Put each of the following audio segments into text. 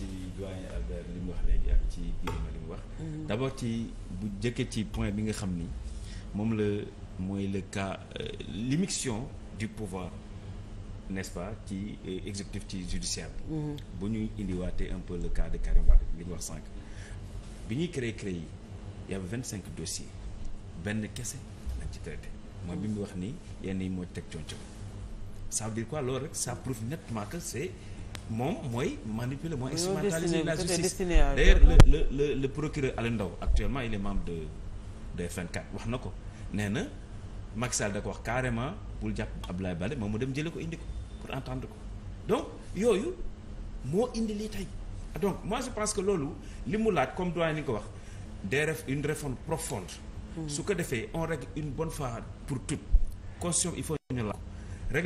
ci doyen Albert li mu wax léegi ci Birima wax. Mm-hmm. d' abord ci bu jëkkee ci point bi nga xam ni moom la mooy le cas euh, l'immixtion du pouvoir n'est-ce pas ci euh, exécutif ci judiciaire mm-hmm. bu ñuy indiwaatee un peu le cas de Karim Wade li wax sànq. bi ñuy créé créé yi y avait vingt cinq dossiers benn kese lañ ci traité mooy bi mu wax ni yenn moo mooy teg coono ça veut quoi loolu rek ça prouve nettement que c' moom mooy manipuler mooy instrumentaliser la justice d'ailleurs le le le le procureur Alioune Ndao actuellement il est membre de de wax na ko nee na Macky Sall da ko wax carrément bul jàpp Abdoulaye Baldé moom mu dem jëlee ko indi ko pour entendre ko donc yooyu moo indi lii tey donc moi je pense que loolu li mu laaj comme doyen ni ko wax des ref une réforme profonde. Hmm. su ko defee on règle une bonne fois pour toutes constitution il faut ñu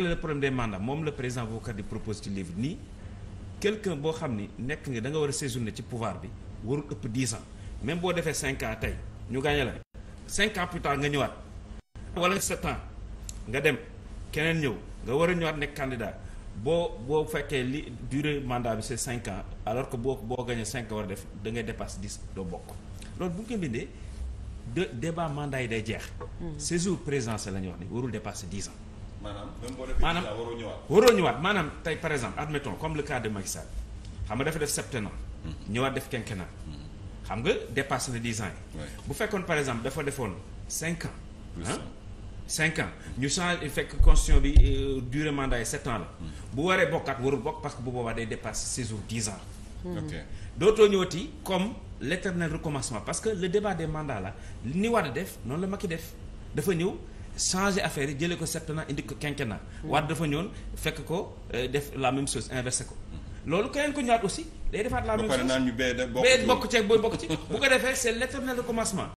la problème des mandats moom le président avocat di propose ci livre nii. quelqu'un boo xam ni nekk nga da nga war a séjourner ci pouvoir bi warul ëpp dix ans même boo defee cinq ans tey ñu gañe la cinq ans plus nga ñëwaat wala sept ans nga dem keneen ñëw nga war a ñëwaat ne candidat boo boo fekkee li durée mandat bi se cinq ans alors que boo boo gañee cinq war a def da ngay dépasse dix doo bokk loolu bu ñu bindee de débat mandat yi day jeex hmm. séjour présidentiel la ñuy wax ni warul dépasser dix ans maanaam même boo defee maanaam waroo ñëwaat. waroo ñëwaat maanaam tey par exemple admettons comme le cas de Macky xam nga dafa def septennat. ñëwaat def quinquennat. xam nga dépassé na dix ans yi. bu fekkoon par exemple dafa defoon cinq ans. cinq ans ñu changé fekk constitution bi euh, durée mandat yi sept ans la. bu waree bokkaat warul bokk parce que bu boobaa day dépassé seize ou dix ans. Hmm. ok dootoo ñëwati comme l' éternel recommencement parce que le débat des mandats la ni a def noonu la Macky def dafa ñëw. changer affaire yi jëlee ko septennat indi ko quinquennat hmm. waat dafa ñëwoon fekk ko euh, def la même chose inversé ko loolu keneen ko ñaar aussi day defaat la même chose bee bokk ci booy bokk ci bu ko defee c'est l'éternel commencement